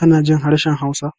Kana jin harshen Hausa?